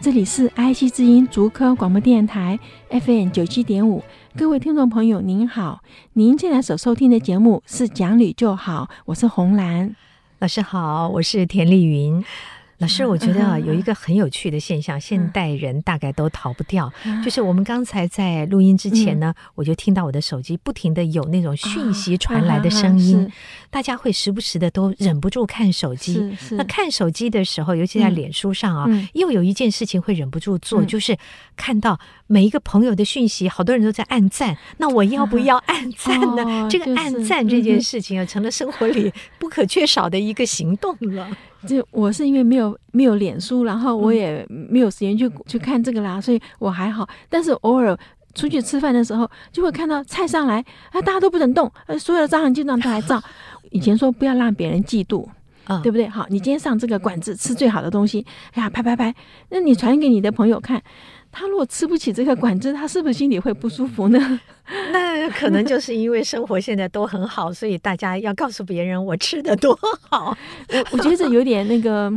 這裡是 IC 之音竹科廣播電台 FM 九七點五，各位聽眾朋友您好，您現在所收聽的節目是講理就好，我是紅蘭，老師好，我是田麗雲。老師，我覺得有一個很有趣的現象，現代人大概都逃不掉，就是我們剛才在錄音之前呢，我就聽到我的手機不停的有那種訊息傳來的聲音，大家會時不時的都忍不住看手機。那看手機的時候，尤其在臉書上啊，又有一件事情會忍不住做，就是看到每一個朋友的訊息，好多人都在按讚，那我要不要按讚呢？這個按讚這件事情啊，成了生活裡不可缺少的一個行動了。就我是因為沒有沒有臉書，然後我也沒有時間去、嗯、去看這個啦，所以我還好。但是偶爾出去吃飯的時候，就會看到菜上來，啊，大家都不准動、啊，所有的照相就讓他來照。嗯、以前說不要讓別人嫉妒，嗯、對不對？好，你今天上這個館子吃最好的東西，哎呀，拍拍拍，那你傳給你的朋友看。他如果吃不起這個館子，他是不是心裡會不舒服呢、嗯？那可能就是因為生活現在都很好， 所以大家要告訴別人我吃得多好。 我覺得這有點那個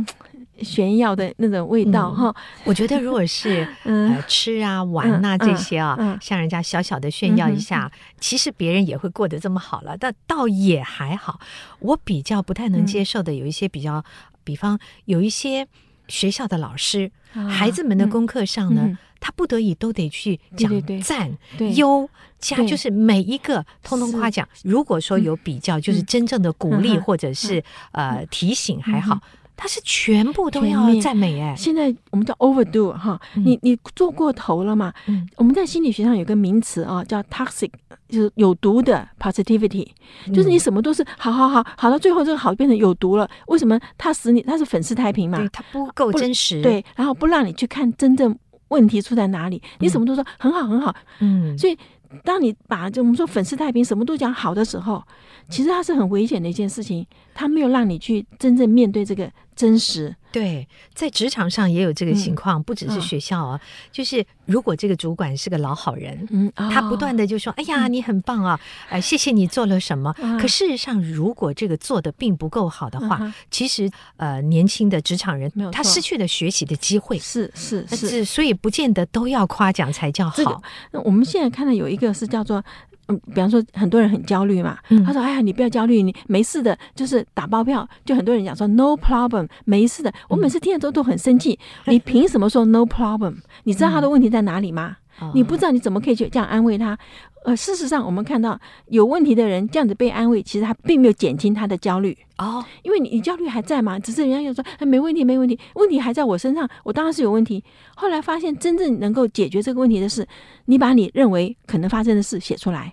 炫耀的那種味道、嗯、哈。我覺得如果是 嗯、呃、吃啊玩啊這些啊，嗯嗯、向人家小小的炫耀一下，嗯、其實別人也會過得這麼好了，嗯、但倒也還好。我比較不太能接受的有一些比較，嗯、比方有一些。學校的老師，孩子們的功課上呢，啊嗯嗯、他不得已都得去講讚、對對對優、加，就是每一個通通誇獎。如果說有比較，嗯、就是真正的鼓勵、嗯、或者是、嗯、呃、嗯、提醒，還好。嗯嗯嗯他是全部都要讚美、欸、現在我們叫 overdo、嗯、哈，你你做過頭了嘛？嗯、我們在心理學上有個名詞啊、哦，叫 toxic，就是有毒的 positivity，就是你什麼都是好好好好，到最後這個好變成有毒了。為什麼他？它使你它是粉飾太平嘛，它不夠真實對，然後不讓你去看真正問題出在哪裡。你什麼都說很好很好，嗯，所以。當你把，就我們說粉飾太平什麼都講好的時候，其實它是很危險的一件事情，它沒有讓你去真正面對這個。真實對，在職場上也有這個情況，不只是學校啊。就是如果這個主管是個老好人，嗯，他不斷的就說：“哎呀，你很棒啊，哎，謝謝你做了什麼。”可事實上，如果這個做的並不夠好的話，其實呃，年輕的職場人他失去了學習的機會。是是是，所以不見得都要誇獎才叫好。那我們現在看到有一個是叫做。嗯，比方說很多人很焦慮嘛，他說：“哎呀，你不要焦慮，你沒事的，就是打包票。”就很多人講說 “No problem，沒事的。”我每次聽了之後都很生氣，你憑什麼說 “No problem”？你知道他的問題在哪裡嗎？你不知道你怎麼可以去這樣安慰他？呃，事實上，我們看到有問題的人這樣子被安慰，其實他並沒有減輕他的焦慮哦，因為你你焦慮還在嘛，只是人家又說沒問題，沒問題，問題還在我身上，我當然是有問題。後來發現真正能夠解決這個問題的是，你把你認為可能發生的事寫出來，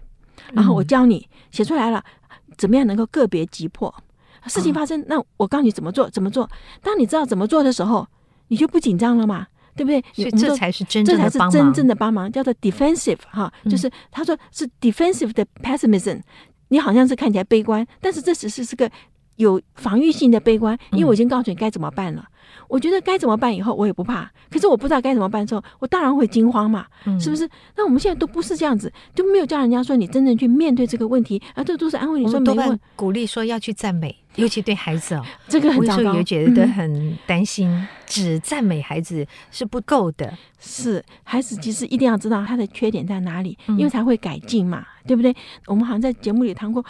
然後我教你寫出來了，怎麼樣能夠個別急迫事情發生？那我告訴你怎麼做，怎麼做？當你知道怎麼做的時候，你就不緊張了嘛。對不對？所以這才是真這才是真正的幫忙，幫忙叫做 defensive、嗯、哈，就是他說是 defensive 的 pessimism，你好像是看起來悲觀，但是這只是是個有防禦性的悲觀，因為我已經告訴你該怎麼辦了。嗯嗯我覺得該怎麼辦？以後我也不怕。可是我不知道該怎麼辦之後，我當然會驚慌嘛，嗯、是不是？那我們現在都不是這樣子，就沒有叫人家說你真正去面對這個問題啊，而這都是安慰你說沒問題，鼓勵說要去讚美，尤其對孩子哦，這個很糟糕，我覺得很擔心，嗯、只讚美孩子是不夠的。是孩子其實一定要知道他的缺點在哪裡，因為才會改進嘛，嗯、對不對？我們好像在節目裡談過。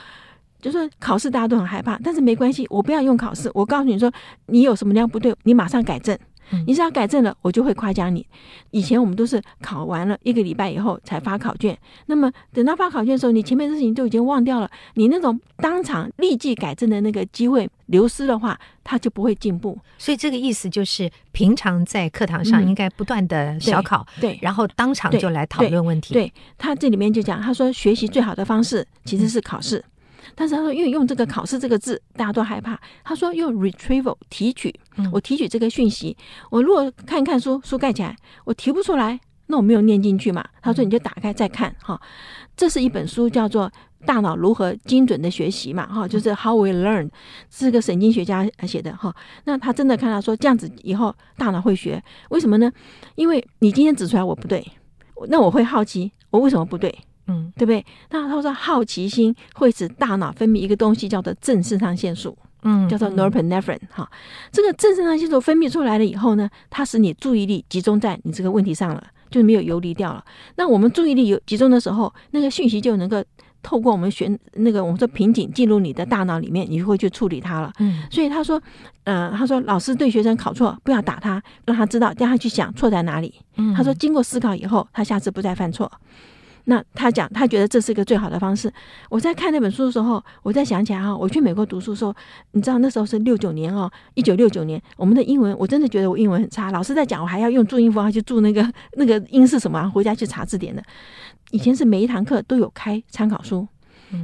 就是考試大家都很害怕，但是沒關係，我不要用考試。我告訴你說，你有什麼樣不對，你馬上改正。你只要改正了，我就會誇獎你。以前我們都是考完了一個禮拜以後才發考卷，那麼等到發考卷的時候，你前面的事情都已經忘掉了，你那種當場立即改正的那個機會流失的話，他就不會進步。所以這個意思就是，平常在課堂上應該不斷的小考，嗯、對，對，然後當場就來討論問題。對，對，對，他這裡面就講，他說學習最好的方式其實是考試。但是他說，因為用這個“考試”這個字，大家都害怕。他說用 “retrieval” 提取，我提取這個訊息。我如果看一看書，書蓋起來，我提不出來，那我沒有念進去嘛。他說你就打開再看哈。這是一本書，叫做《大腦如何精準的學習》嘛哈，就是 “How we learn”，是個神經學家寫的哈。那他真的看到說這樣子以後，大腦會學，為什麼呢？因為你今天指出來，我不對，那我會好奇，我為什麼不對？嗯，對不對？那他說，好奇心會使大腦分泌一個東西，叫做正腎上腺素，嗯，叫做 norepinephrine 哈。嗯、這個正腎上腺素分泌出來了以後呢，它使你注意力集中在你這個問題上了，就沒有游離掉了。那我們注意力有集中的時候，那個訊息就能夠透過我們學那個我們說瓶頸進入你的大腦裡面，你就會去處理它了。嗯，所以他說，嗯、呃，他說老師對學生考錯，不要打他，讓他知道，讓他去想錯在哪裡。嗯，他說經過思考以後，他下次不再犯錯。那他講，他覺得這是一個最好的方式。我在看那本書的時候，我在想起來哈、哦，我去美國讀書的時候，你知道那時候是六九年哈、哦，一九六九年，我們的英文我真的覺得我英文很差。老師在講，我還要用注音符號、啊、去注那個那個音是什麼、啊，回家去查字典的。以前是每一堂課都有開參考書，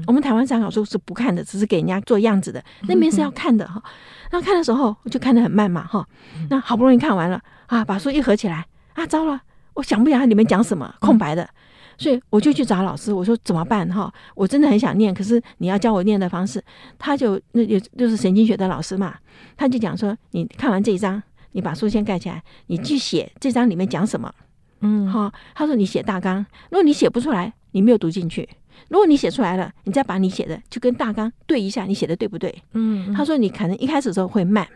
我們台灣參考書是不看的，只是給人家做樣子的。那邊是要看的哈。然後看的時候，就看得很慢嘛哈。那好不容易看完了啊，把書一合起來啊，糟了，我想不起來裡面講什麼，空白的。所以我就去找老師，我說怎麼辦哈？我真的很想念，可是你要教我念的方式。他就那也就是神經學的老師嘛，他就講說：你看完這一章，你把書先蓋起來，你去寫這章裡面講什麼，嗯，哈。他說你寫大綱，如果你寫不出來，你沒有讀進去；如果你寫出來了，你再把你寫的就跟大綱對一下，你寫的對不對？嗯，嗯，他說你可能一開始的時候會慢，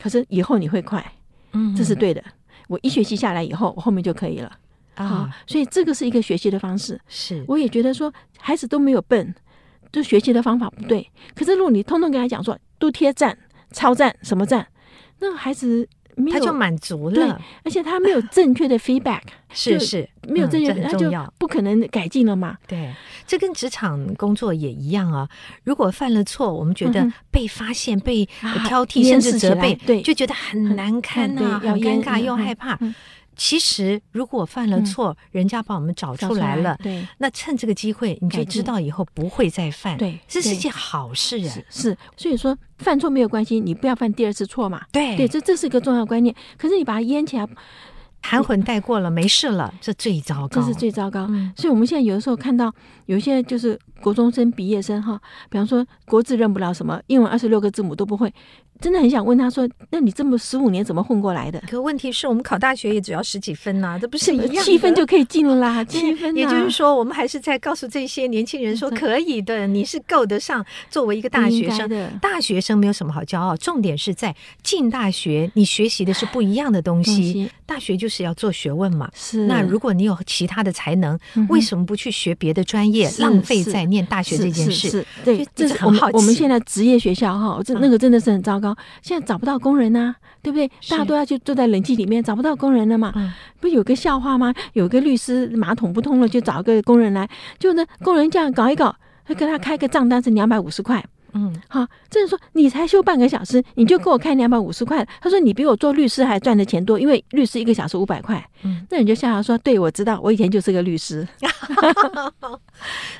可是以後你會快，嗯，這是對的。我一學期下來以後，我後面就可以了。啊，所以這個是一個學習的方式。是，我也覺得說，孩子都沒有笨，就學習的方法不對。可是，如果你通通跟他講說，都貼讚、超讚、什麼讚，那孩子他就滿足了。而且他沒有正確的 feedback，是是，沒有正確的，他就不可能改進了嘛。對，這跟職場工作也一樣啊。如果犯了錯，我們覺得被發現、被挑剔，甚至責備，對，就覺得很難堪吶，很尷尬又害怕。其實，如果犯了錯，嗯、人家把我們找出來了，來對，那趁這個機會，你就知道以後不會再犯，對定，這是件好事啊，啊。是。所以說，犯錯沒有關係，你不要犯第二次錯嘛，對對，這這是一個重要觀念。可是你把它淹起來，含混帶過了，呃、沒事了，這最糟糕，這是最糟糕。嗯、所以我們現在有的時候看到有一些就是。國中生、畢業生哈，比方說國字認不了什麼，英文二十六個字母都不會，真的很想問他說：“那你這麼十五年怎麼混過來的？”可問題是我們考大學也只要十幾分吶、啊，這不是一樣是七分就可以進了啦，哦、七分、啊。也就是說，我們還是在告訴這些年輕人說：“可以的，對你是夠得上作為一個大學生。大學生沒有什麼好驕傲，重點是在進大學，你學習的是不一樣的東西。東西大學就是要做學問嘛。是那如果你有其他的才能、嗯、哼為什麼不去學別的專業？是浪費在。念大學這件事，是是是對，這是,我們這是很好奇。我們現在職業學校哈，那個真的是很糟糕。現在找不到工人吶、啊，對不對？大家都要去坐在冷氣裡面，找不到工人了嘛？是不有個笑話嗎？有個律師馬桶不通了，就找一個工人來，就那工人這樣搞一搞，給他開個賬單是兩百五十塊。嗯，好，這人說你才修半個小時，你就給我開兩百五十塊。他說你比我做律師還賺的錢多，因為律師一個小時五百塊。嗯，那你就笑笑說，嗯、對，我知道，我以前就是個律師。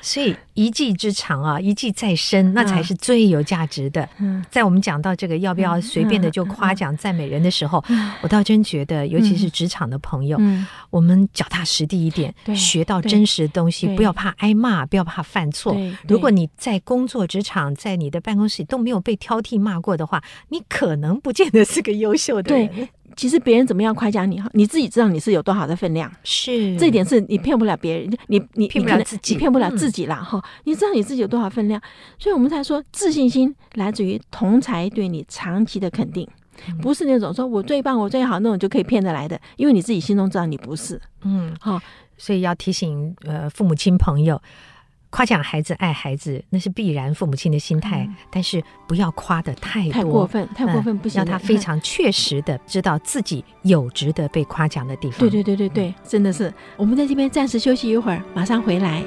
所以一技之長啊，一技在身，那才是最有價值的。嗯，在我們講到這個要不要隨便的就誇獎讚美人的時候，嗯嗯、我倒真覺得，尤其是職場的朋友，嗯嗯、我們腳踏實地一點，嗯、學到真實的東西，不要怕挨罵，不要怕犯錯。如果你在工作職場，在你你的辦公室都沒有被挑剔罵過的話，你可能不見得是個優秀的人。對，其實別人怎麼樣誇獎你，你自己知道你是有多好的分量。是，這一點是你騙不了別人，你你騙不了自己，騙、嗯、不了自己了哈。你知道你自己有多少分量，所以我們才說自信心來自於同儕對你長期的肯定，不是那種說我最棒、我最好那種就可以騙得來的，因為你自己心中知道你不是。嗯，好，所以要提醒呃父母親朋友。誇獎孩子、愛孩子，那是必然父母親的心態，嗯、但是不要誇得太多，太過分，太過分不行、嗯。讓他非常確實的知道自己有值得被誇獎的地方。對、嗯、對對對對，真的是。我們在這邊暫時休息一會兒，馬上回來。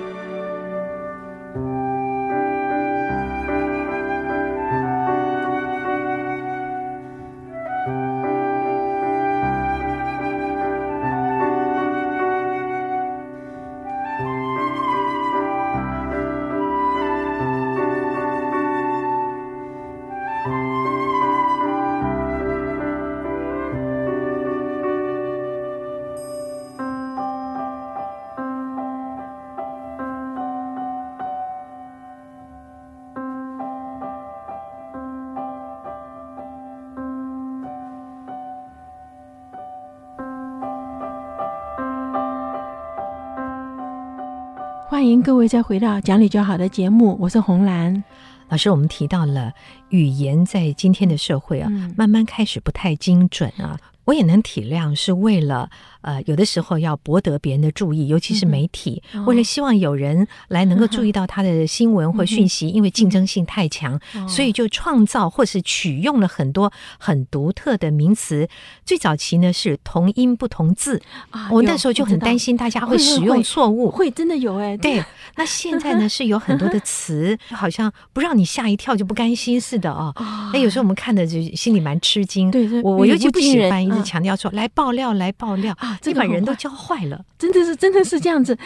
各位再回到講理就好的節目，我是紅蘭老師。我們提到了語言在今天的社會啊，嗯、慢慢開始不太精準啊。我也能體諒，是為了呃，有的時候要博得別人的注意，尤其是媒體，為了希望有人來能夠注意到他的新聞或訊息。因為競爭性太強，所以就創造或是取用了很多很獨特的名詞。最早期呢是同音不同字啊，我那時候就很擔心大家會使用錯誤，會真的有哎。對，那現在呢是有很多的詞，好像不讓你嚇一跳就不甘心似的哦。那有時候我們看的就心裡蠻吃驚。對，對，我尤其不喜歡。強調說，來爆料，來爆料啊！這個、把人都教壞了，真的是，真的是這樣子。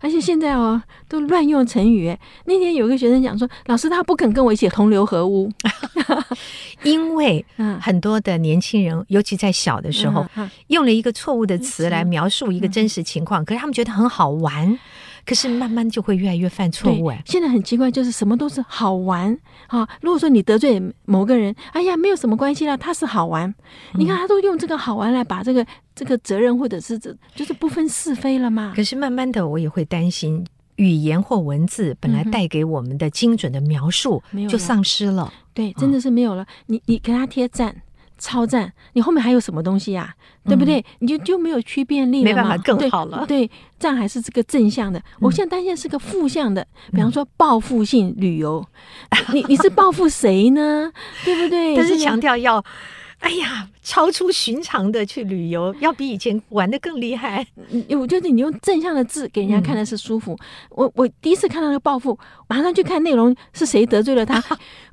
而且現在哦，都亂用成語。那天有個學生講說，老師他不肯跟我一起同流合污， 因為很多的年輕人，尤其在小的時候，嗯嗯嗯、用了一個錯誤的詞來描述一個真實情況，嗯嗯、可是他們覺得很好玩。可是慢慢就會越來越犯錯誤、哎、現在很奇怪，就是什麼都是好玩啊！如果說你得罪某個人，哎呀，沒有什麼關係了，他是好玩。你看他都用這個好玩來把這個、嗯、這個責任或者是就是不分是非了嘛。可是慢慢的，我也會擔心語言或文字本來帶給我們的精準的描述，就喪失了、嗯、沒有了。對，真的是沒有了。嗯、你你給他貼讚。超讚！你後面還有什麼東西呀、啊？嗯、對不對？你就就沒有區別力了嗎，沒辦法，更好了。對，這樣還是這個正向的。我現在擔心是個負向的，嗯、比方說報復性旅遊，嗯、你你是報復誰呢？ 對不對？但是強調要。哎呀，超出尋常的去旅遊，要比以前玩的更厲害。你，我覺得你用正向的字給人家看的是舒服。嗯、我我第一次看到那個報復，馬上去看內容是誰得罪了他，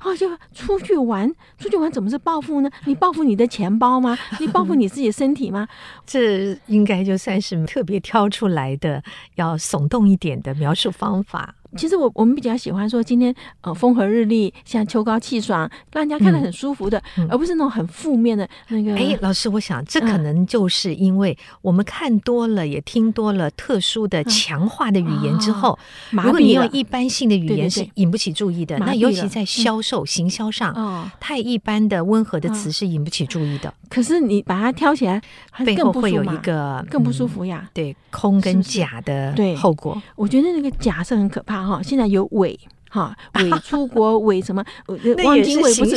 哦， 就出去玩。出去玩怎麼是報復呢？你報復你的錢包嗎？你報復你自己身體嗎？這應該就算是特別挑出來的，要聳動一點的描述方法。其實我我們比較喜歡說今天呃風和日麗，像秋高氣爽、讓人家看得很舒服的，嗯嗯、而不是那種很負面的那個。哎，老師，我想這可能就是因為我們看多了，嗯、也聽多了特殊的強化的語言之後，嗯哦，如果你用一般性的語言是引不起注意的。對對對，那尤其在銷售、嗯、行銷上，哦、太一般的溫和的詞是引不起注意的。嗯哦嗯、可是你把它挑起來還更，背後會有一個更不舒服呀，嗯、對空跟假的後果是是對。我覺得那個假是很可怕。現在有偽哈偽出國偽什麼？王金偉不 是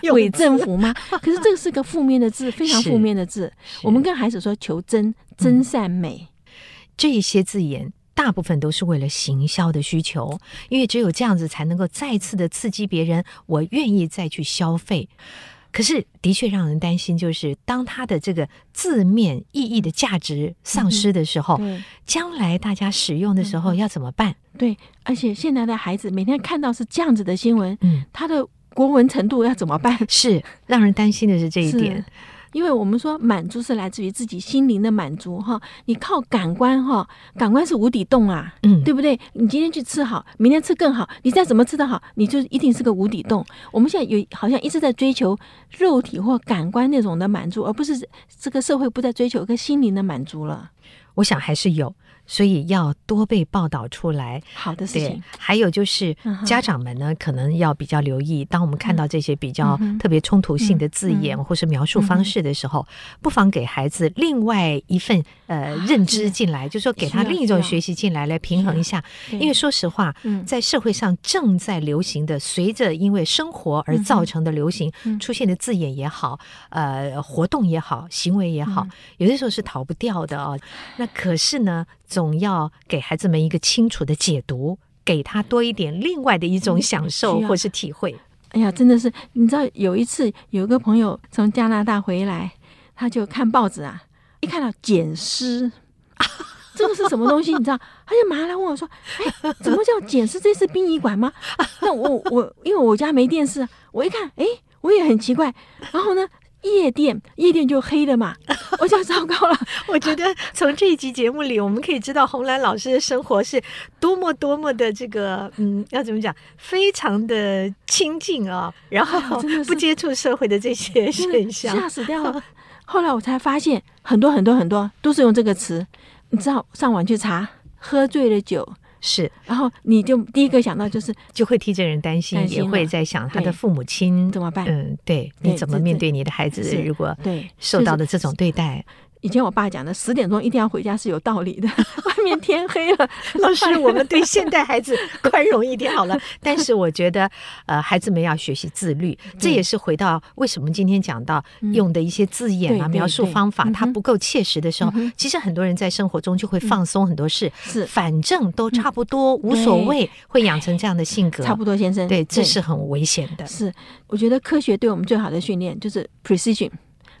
偽政府嗎？可是這個是個負面的字， 是 非常負面的字。是 我們跟孩子說求真、真善美，嗯、這些字眼大部分都是為了行銷的需求，因為只有這樣子才能夠再次的刺激別人，我願意再去消費。可是，的確讓人擔心，就是當他的這個字面意義的價值喪失的時候，將、嗯嗯、來大家使用的時候要怎麼辦？嗯、對，而且現在的孩子每天看到是這樣子的新聞，嗯、他的國文程度要怎麼辦？是讓人擔心的是這一點。因為我們說，滿足是來自於自己心靈的滿足哈，你靠感官哈，感官是無底洞啊，嗯，對不對？你今天去吃好，明天吃更好，你再怎麼吃的好，你就一定是個無底洞。我們現在有好像一直在追求肉體或感官那種的滿足，而不是這個社會不再追求一個心靈的滿足了。我想還是有。所以要多被報道出來好的事情。還有就是家長們呢，可能要比較留意，當我們看到這些比較特別衝突性的字眼或是描述方式的時候，不妨給孩子另外一份呃認知進來，就說給他另一種學習進來，來平衡一下。因為說實話，在社會上正在流行的，隨着因為生活而造成的流行出現的字眼也好，呃，活動也好，行為也好，有的時候是逃不掉的哦。那可是呢？總要給孩子們一個清楚的解讀，給他多一點另外的一種享受或是體會。哎呀，真的是，你知道有一次有一個朋友從加拿大回來，他就看報紙啊，一看到撿屍， 這個是什麼東西？你知道，他就馬上來問我說：“哎、欸，怎麼叫撿屍？這是殯儀館嗎？”那我我因為我家沒電視，我一看，哎、欸，我也很奇怪，然後呢？夜店，夜店就黑的嘛，我想糟糕了。 我覺得從這一集節目裡，我們可以知道紅蘭老師的生活是多麼多麼的這個，嗯，要怎麼講，非常的清靜啊、哦，然後不接觸社會的這些現象，哎、嚇死掉了。 後來我才發現，很多很多很多都是用這個詞，你知道，上網去查，喝醉了酒。是，然後你就第一個想到就是，就會替這人擔心，擔心也會在想他的父母親對、嗯、怎麼辦？嗯，對，對你怎麼面對你的孩子？如果對受到的這種對待。以前我爸講的十點鐘一定要回家是有道理的，外面天黑了。老師，我們對現代孩子寬容一點好了。但是我覺得，呃，孩子們要學習自律，這也是回到為什麼今天講到用的一些字眼啊、描述方法，它不夠切實的時候，其實很多人在生活中就會放鬆很多事，是反正都差不多，無所謂，會養成這樣的性格。差不多先生，對，這是很危險的。是，我覺得科學對我們最好的訓練就是 precision。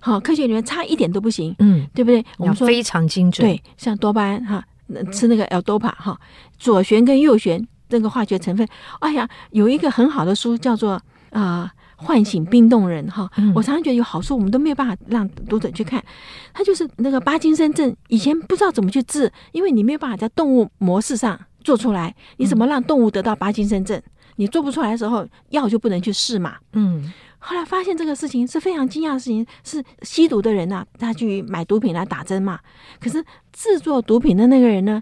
好，科學裡面差一點都不行，嗯，對不對？我們說非常精準，對，像多巴胺哈，那吃那個 L 多巴哈，左旋跟右旋那個化學成分，哎呀，有一個很好的書叫做啊、呃，喚醒冰凍人哈。嗯、我常常覺得有好書，我們都沒有辦法讓讀者去看。他就是那個巴金森症，以前不知道怎麼去治，因為你沒有辦法在動物模式上做出來，你怎麼讓動物得到巴金森症？你做不出來的時候，藥就不能去試嘛，嗯。後來發現這個事情是非常驚訝的事情，是吸毒的人吶、啊，他去買毒品來打針嘛。可是制作毒品的那個人呢，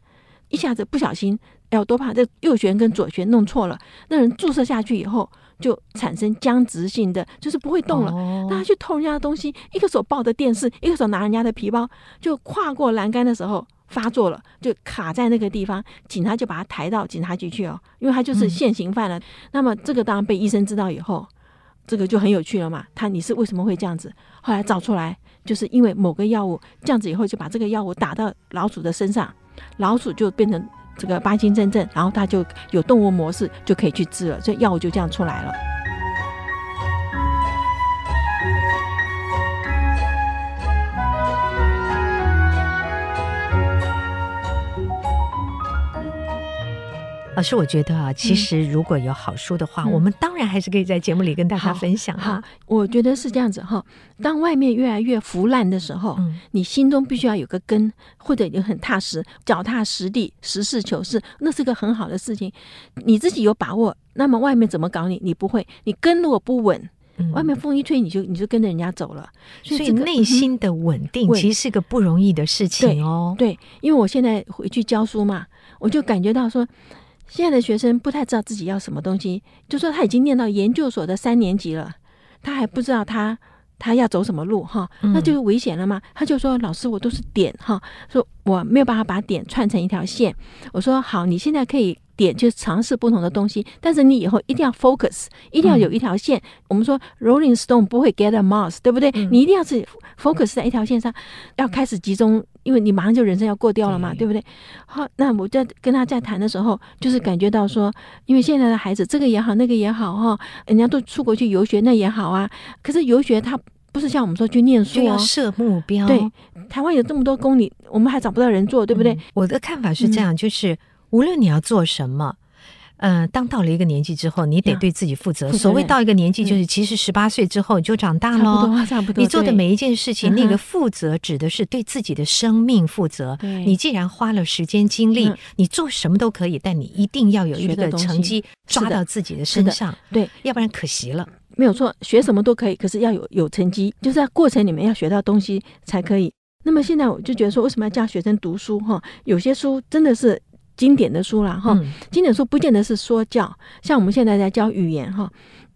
一下子不小心，哎呦都怕這右旋跟左旋弄錯了。那人注射下去以後，就產生僵直性的，就是不會動了。哦、他去偷人家的東西，一個手抱着電視，一個手拿人家的皮包，就跨過欄杆的時候發作了，就卡在那個地方。警察就把他抬到警察局去哦，因為他就是現行犯了。嗯、那麼這個當然被醫生知道以後。這個就很有趣了嘛，他你是為什麼會這樣子？後來找出來，就是因為某個藥物這樣子以後，就把這個藥物打到老鼠的身上，老鼠就變成這個巴金森症，然後它就有動物模式，就可以去治了，這藥物就這樣出來了。老師，我覺得啊，其實如果有好書的話，嗯、我們當然還是可以在節目裡跟大家分享哈、啊。我覺得是這樣子哈、哦，當外面越來越腐爛的時候，嗯、你心中必須要有個根，或者你很踏實、腳踏實地、實事求是，那是個很好的事情。你自己有把握，那麼外面怎麼搞你，你不會。你根如果不穩，外面風一吹，你就你就跟着人家走了。所以，這個、所以內心的穩定其實是個不容易的事情哦、嗯對。對，因為我現在回去教書嘛，我就感覺到說。現在的學生不太知道自己要什麼東西，就說他已經念到研究所的三年級了，他還不知道他他要走什麼路哈，那就是危險了嘛，嗯、他就說，老師我都是點哈，說我沒有辦法把點串成一條線，我說，好，你現在可以。點去嘗試不同的東西，但是你以後一定要 focus，一定要有一條線。嗯、我們說 rolling stone 不會 get a mouse，對不對？嗯、你一定要是 focus 在一條線上，嗯、要開始集中，因為你馬上就人生要過掉了嘛，對，對不對？好，那我在跟他在談的時候，就是感覺到說，因為現在的孩子這個也好，那個也好哈，人家都出國去遊學那也好啊，可是遊學他不是像我們說去念書，哦，就要設目標。對，台灣有這麼多公里，我們還找不到人做，對不對，嗯？我的看法是這樣，嗯、就是。無論你要做什麼，嗯、呃，當到了一個年紀之後，你得對自己負責。負責所謂到一個年紀，就是其實十八歲之後你就長大了。啊、你做的每一件事情，對那個負責指的是對自己的生命負責。對你既然花了時間精力，嗯、你做什麼都可以，但你一定要有一個成績抓到自己的身上，對，要不然可惜了。沒有錯，學什麼都可以，可是要有有成績，就是在過程裡面要學到東西才可以。那麼現在我就覺得說，為什麼要教學生讀書？哈、哦，有些書真的是。經典的書啦哈，經典書不見得是說教，像我們現在在教語言哈，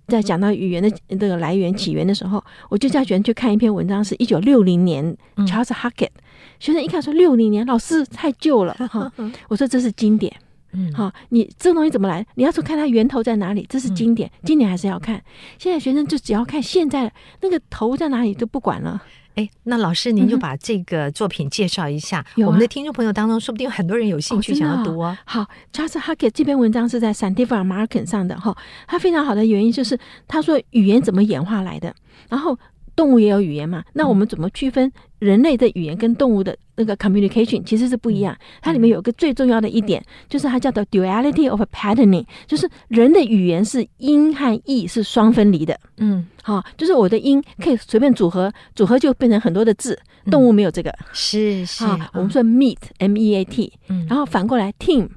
在講到語言的這個來源起源的時候，我就叫學生去看一篇文章是，是一九六零年 Charles Hockett。學生一看說：“六零年，老師太舊了哈。”我說：“這是經典，嗯，哈，你這個東西怎麼來？你要說看它源頭在哪裡，這是經典，經典還是要看。現在學生就只要看現在那個頭在哪裡就不管了。”哎，那老師您就把這個作品介紹一下。嗯、哼我們的聽眾朋友當中，說不定有很多人有興趣想要讀哦。啊 oh, 啊、好，Charles Hockett 這篇文章是在 Scientific American 上的哈，它、哦、非常好的原因就是他說語言怎麼演化來的，然後。動物也有語言嘛？那我們怎麼區分人類的語言跟動物的那個 communication、嗯、其實是不一樣？嗯、它裡面有一個最重要的一點，就是它叫做 duality of patterning，就是人的語言是音和意是雙分離的。嗯，好、哦，就是我的音可以隨便組合，組合就變成很多的字。嗯、動物沒有這個，是是、哦。我們說 meat，m-e-a-t，嗯，M-E-A-T, 然後反過來 team。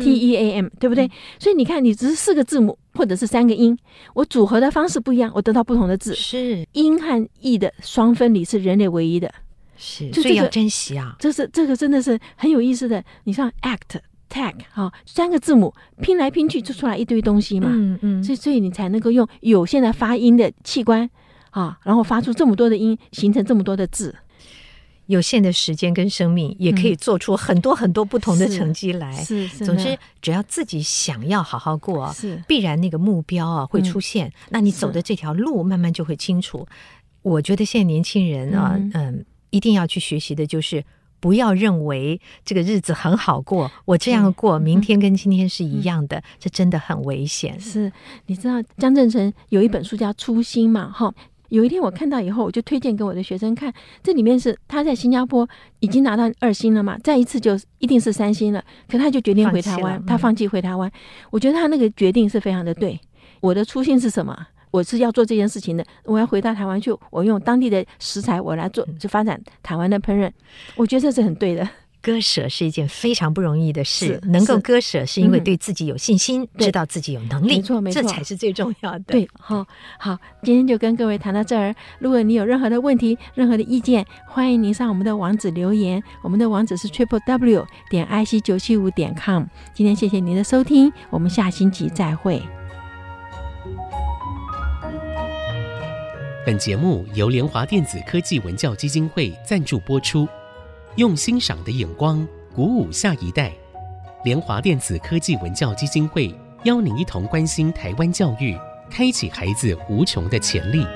T E A M，對不對？嗯、所以你看，你只是四個字母，或者是三個音，我組合的方式不一樣，我得到不同的字。是音和義的雙分離是人類唯一的是，這個、所以要珍惜啊！這是這個真的是很有意思的。你像 ACT、TAG 啊、哦，三個字母拼來拼去就出來一堆東西嘛。嗯嗯。所以所以你才能夠用有限的發音的器官啊、哦，然後發出這麼多的音，形成這麼多的字。有限的時間跟生命，也可以做出很多很多不同的成績來、嗯。是，是。總之，只要自己想要好好過，是，必然那個目標啊會出現。嗯、那你走的這條路，慢慢就會清楚。是我覺得現在年輕人啊，嗯，嗯，一定要去學習的就是，不要認為這個日子很好過，我這樣過，對明天跟今天是一樣的，嗯、這真的很危險。是，你知道，江振誠有一本書叫《初心》嘛，哈。有一天我看到以後，我就推薦給我的學生看。這裡面是他在新加坡已經拿到二星了嘛？再一次就一定是三星了。可他就決定回台灣，放棄了，他放棄回台灣。我覺得他那個決定是非常的對。我的初心是什麼？我是要做這件事情的，我要回到台灣去，我用當地的食材我來做，就發展台灣的烹飪。我覺得這是很對的。割捨是一件非常不容易的事，是能夠割捨是因為對自己有信心，嗯、知道自己有能力，對，沒錯，沒錯，這才是最重要的。對，好，好，今天就跟各位談到這兒。如果你有任何的問題、任何的意見，歡迎您上我們的網址留言。我們的網址是 triple w 點 i c 九七五點 com。今天謝謝您的收聽，我們下星期再會。本節目由聯華電子科技文教基金會贊助播出。用欣賞的眼光鼓舞下一代，聯華電子科技文教基金會邀您一同關心台灣教育，開啟孩子無窮的潛力。